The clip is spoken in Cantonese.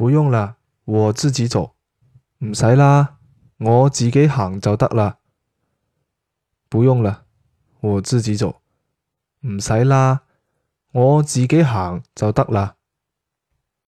不用啦，我自己走，唔使啦，我自己行就得啦。不用啦，我自己走，唔使啦，我自己行就得啦。